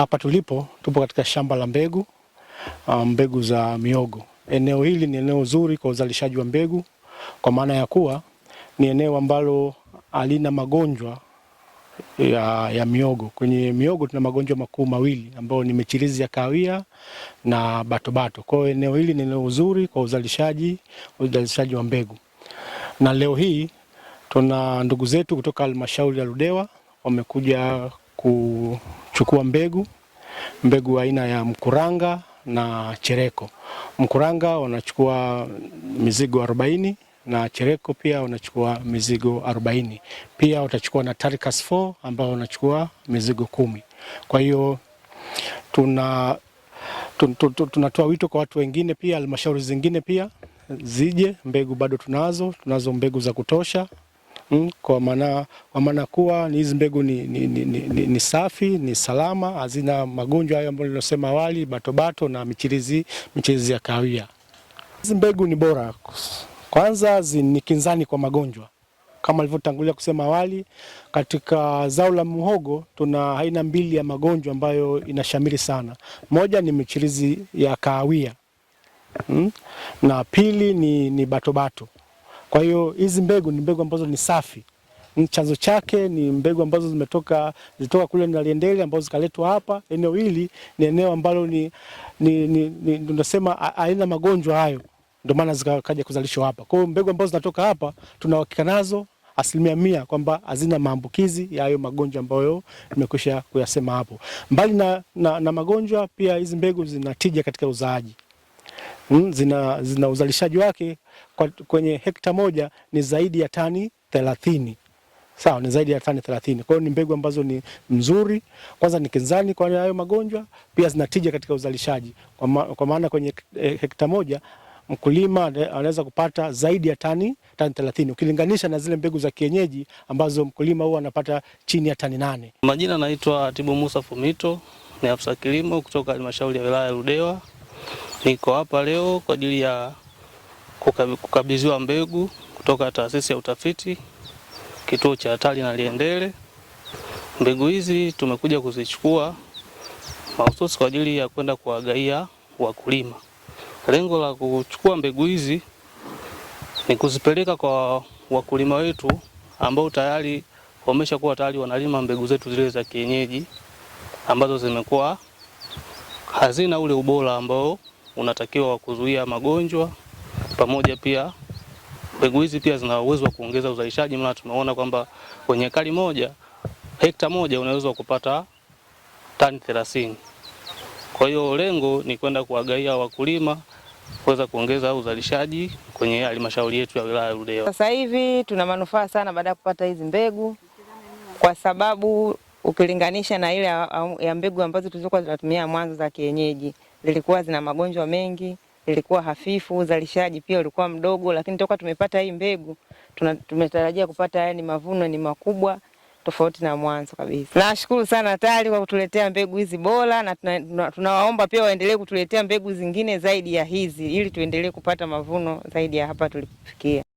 Hapa tulipo tupo katika shamba la mbegu, ah, mbegu za miogo. Eneo hili ni eneo zuri kwa uzalishaji wa mbegu, kwa maana ya kuwa ni eneo ambalo halina magonjwa ya, ya miogo. Kwenye miogo tuna magonjwa makuu mawili ambayo ni michirizi ya kahawia na batobato. Kwa hiyo eneo hili ni eneo zuri kwa uzalishaji uzalishaji wa mbegu, na leo hii tuna ndugu zetu kutoka halmashauri ya Ludewa wamekuja ku Chukua mbegu mbegu aina ya mkuranga na chereko. Mkuranga wanachukua mizigo 40 na chereko pia wanachukua mizigo 40. Pia utachukua na Tarikas 4 ambao wanachukua mizigo kumi. Kwa hiyo tuna tunatoa wito kwa watu wengine pia, halmashauri zingine pia zije, mbegu bado tunazo, tunazo mbegu za kutosha mm, kwa maana kwa maana kuwa ni hizi mbegu ni, ni, ni, ni, ni safi ni salama, hazina magonjwa hayo ambayo nilisema awali, batobato na michirizi, michirizi ya kahawia. Hizi mbegu ni bora, kwanza ni kinzani kwa magonjwa kama alivyotangulia kusema awali, katika zao la muhogo tuna aina mbili ya magonjwa ambayo inashamiri sana. Moja ni michirizi ya kahawia hmm, na pili ni, ni batobato. Kwa hiyo hizi mbegu ni mbegu ambazo ni safi, chanzo chake ni mbegu ambazo zimetoka zitoka kule Naliendele ambazo zikaletwa hapa. Eneo hili ni eneo ambalo ni tunasema haina magonjwa hayo, ndio maana zikaja kuzalishwa hapa. Kwa hiyo mbegu ambazo zinatoka hapa uhakika nazo asilimia mia kwamba hazina maambukizi ya hayo magonjwa ambayo nimekwisha kuyasema hapo. Mbali na, na, na magonjwa pia hizi mbegu zina tija katika uzaaji mm, zina, zina uzalishaji wake kwa, kwenye hekta moja ni zaidi ya tani thelathini. Sawa, ni zaidi ya tani 30. Kwa hiyo ni mbegu ambazo ni mzuri, kwanza ni kinzani kwa hayo magonjwa, pia zinatija katika uzalishaji kwa, ma, kwa maana kwenye e, hekta moja mkulima anaweza kupata zaidi ya tani tani 30 ukilinganisha na zile mbegu za kienyeji ambazo mkulima huwa anapata chini ya tani nane. Majina naitwa Tibu Musa Fumito, ni afisa kilimo kutoka halmashauri ya wilaya ya Ludewa. Niko hapa leo kwa ajili ya kukabidhiwa mbegu kutoka taasisi ya utafiti kituo cha Atali na Liendele. Mbegu hizi tumekuja kuzichukua mahususi kwa ajili ya kwenda kuwagaia wakulima. Lengo la kuchukua mbegu hizi ni kuzipeleka kwa wakulima wetu ambao tayari wameshakuwa tayari wanalima mbegu zetu zile za kienyeji ambazo zimekuwa hazina ule ubora ambao unatakiwa wa kuzuia magonjwa pamoja pia mbegu hizi pia zina uwezo wa kuongeza uzalishaji, maana tumeona kwamba kwenye ekari moja, hekta moja unaweza kupata tani 30. Kwa hiyo lengo ni kwenda kuwagaia wakulima kuweza kuongeza uzalishaji kwenye halmashauri yetu ya wilaya ya Ludewa. Sasa hivi tuna manufaa sana baada ya kupata hizi mbegu, kwa sababu ukilinganisha na ile ya mbegu ambazo tulizokuwa tunatumia mwanzo za kienyeji lilikuwa zina magonjwa mengi, lilikuwa hafifu, uzalishaji pia ulikuwa mdogo, lakini toka tumepata hii mbegu tuna, tumetarajia kupata yani mavuno ni makubwa tofauti na mwanzo kabisa. Nashukuru sana TARI kwa kutuletea mbegu hizi bora, na tunawaomba tuna, tuna pia waendelee kutuletea mbegu zingine zaidi ya hizi ili tuendelee kupata mavuno zaidi ya hapa tulipofikia.